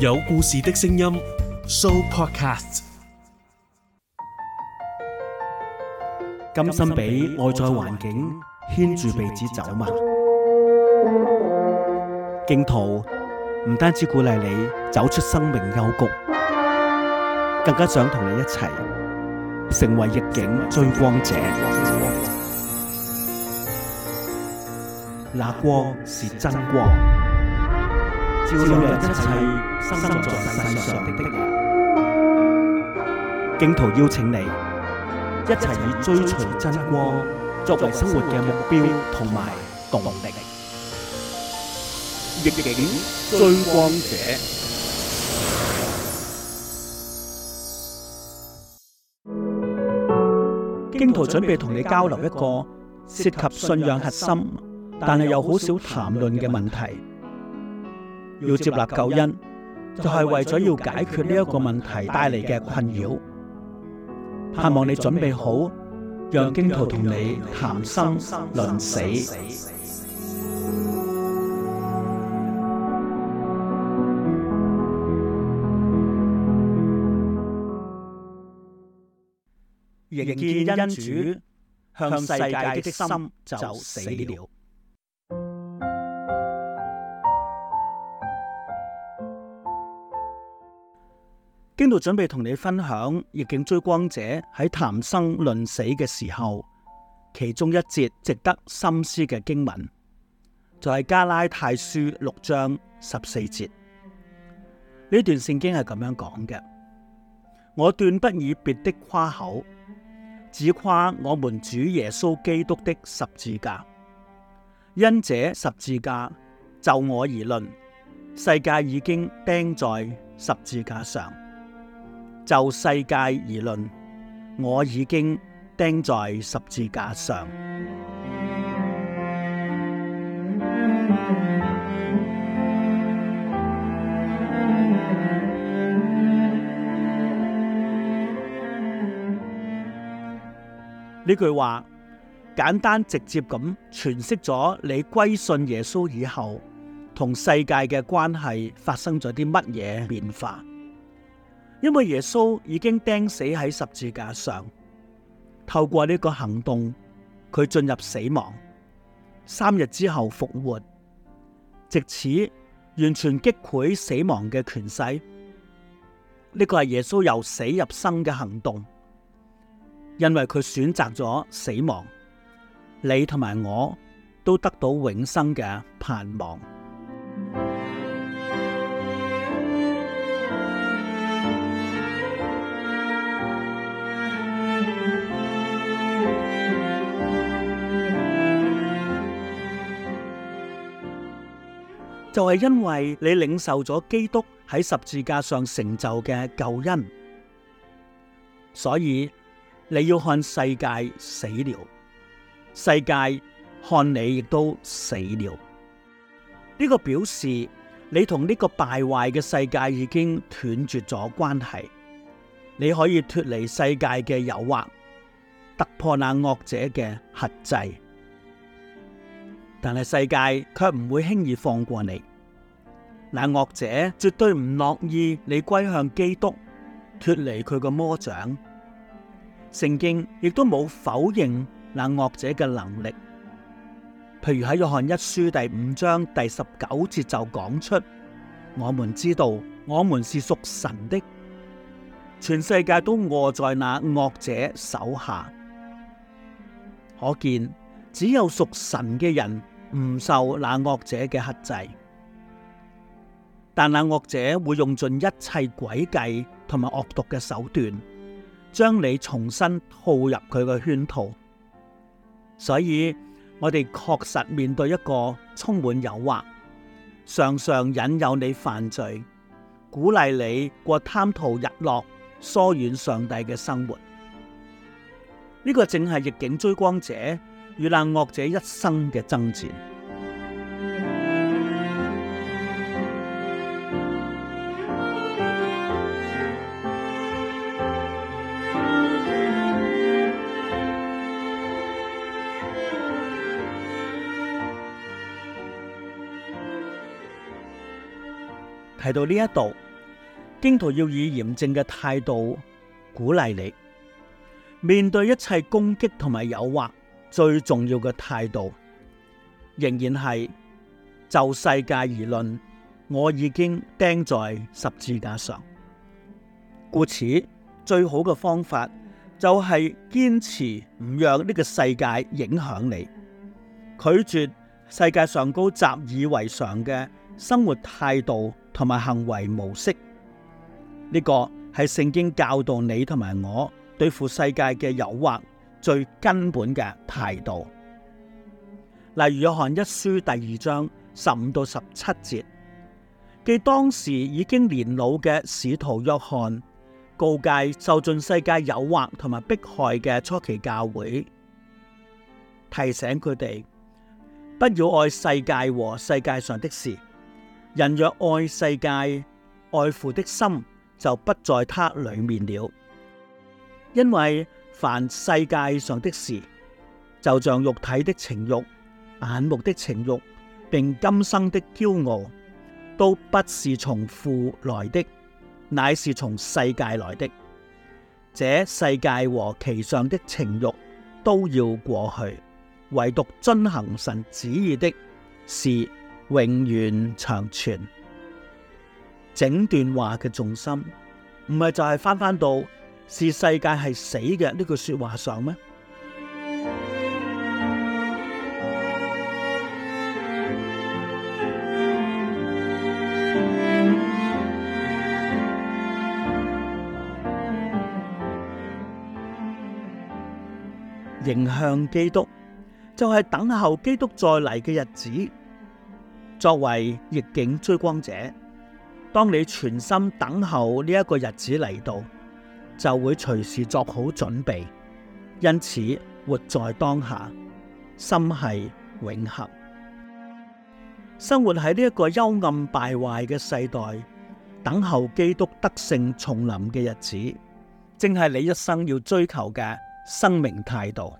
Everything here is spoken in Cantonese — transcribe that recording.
有故事的聲音，Show Podcast。甘心俾外在環境牽住鼻子走嗎？荊徒唔單止鼓勵你走出生命幽谷，更加想同你一齊成為逆境追光者。那光是真光。照亮一切生在世上的人，荊徒邀請你一齊以追隨真光作為生活嘅目標同埋動力。逆境追光者，荊徒準備同你交流一個涉及信仰核心，但係又好少談論嘅問題。要接納救恩，就係為咗要解決呢一個問題帶嚟嘅困擾。盼望你準備好，讓荊徒同你談心論死，迎見恩主向世界的心就死了。喺度準備同你分享《逆境追光者》喺談生論死嘅時候，其中一節值得深思嘅經文就係、是《加拉太書》六章十四節，呢段聖經係咁樣講嘅：我斷不以別的誇口，只誇我們主耶穌基督的十字架，因者十字架就我而論，世界已經釘在十字架上。就世界而論，我已經釘在十字架上。呢句話簡單直接咁詮釋咗你歸信耶穌以後同世界嘅關係發生咗啲乜嘢變化。因為耶穌已經釘死喺十字架上，透過呢個行動，佢進入死亡，三日之後復活，直至完全擊潰死亡嘅權勢。呢、這個係耶穌由死入生嘅行動，因為佢選擇咗死亡，你同埋我都得到永生嘅盼望。就係因為你領受咗基督喺十字架上成就嘅救恩，所以你要看世界死了，世界看你亦都死了。呢個表示你同呢個敗壞嘅世界已經斷絕咗關係，你可以脫離世界嘅誘惑，突破那惡者嘅轄制。但係世界卻唔會輕易放過你。那惡者絕對唔樂意你歸向基督，脫離佢個魔掌。聖經亦都冇否認那惡者嘅能力。譬如喺約翰一書第五章第十九節就講出：我們知道，我們是屬神的，全世界都臥在那惡者手下。可見。只有屬神嘅人唔受那惡者嘅克制，但那惡者會用盡一切詭計同埋惡毒嘅手段，將你重新套入佢嘅圈套。所以我哋確實面對一個充滿誘惑，常常引誘你犯罪，鼓勵你過貪圖日落、疏遠上帝嘅生活。呢、這個正係逆境追光者與難惡者一生嘅爭戰，提到呢一度，荊徒要以嚴正嘅態度鼓勵你，面對一切攻擊同埋誘惑。最重要嘅態度，仍然係就世界而論，我已經釘在十字架上。故此，最好嘅方法就係堅持唔讓呢個世界影響你，拒絕世界上高習以為常嘅生活態度同埋行為模式。呢個係聖經教導你同埋我對付世界嘅誘惑。最根本嘅態度，例如約翰一書第二章十五到十七節，記當時已經年老嘅使徒約翰告誡受盡世界誘惑同埋迫害嘅初期教會，提醒佢哋不要愛世界和世界上的事，人若愛世界，愛父的心就不在他裏面了，因為。凡世界上的事，就像肉體的情欲、眼目的情欲，並今生的驕傲，都不是從父來的，乃是從世界來的。這世界和其上的情欲都要過去，唯獨遵行神旨意的是永遠長存。整段話嘅重心，唔係就係翻翻到。是世界係死嘅呢句說話上咩？迎向基督就係等候基督再嚟嘅日子，作為逆境追光者，當你全心等候呢一個日子嚟到。就會隨時作好準備，因此活在當下，心係永恆。生活喺呢一個幽暗敗壞嘅世代，等候基督得勝重臨嘅日子，正係你一生要追求嘅生命態度。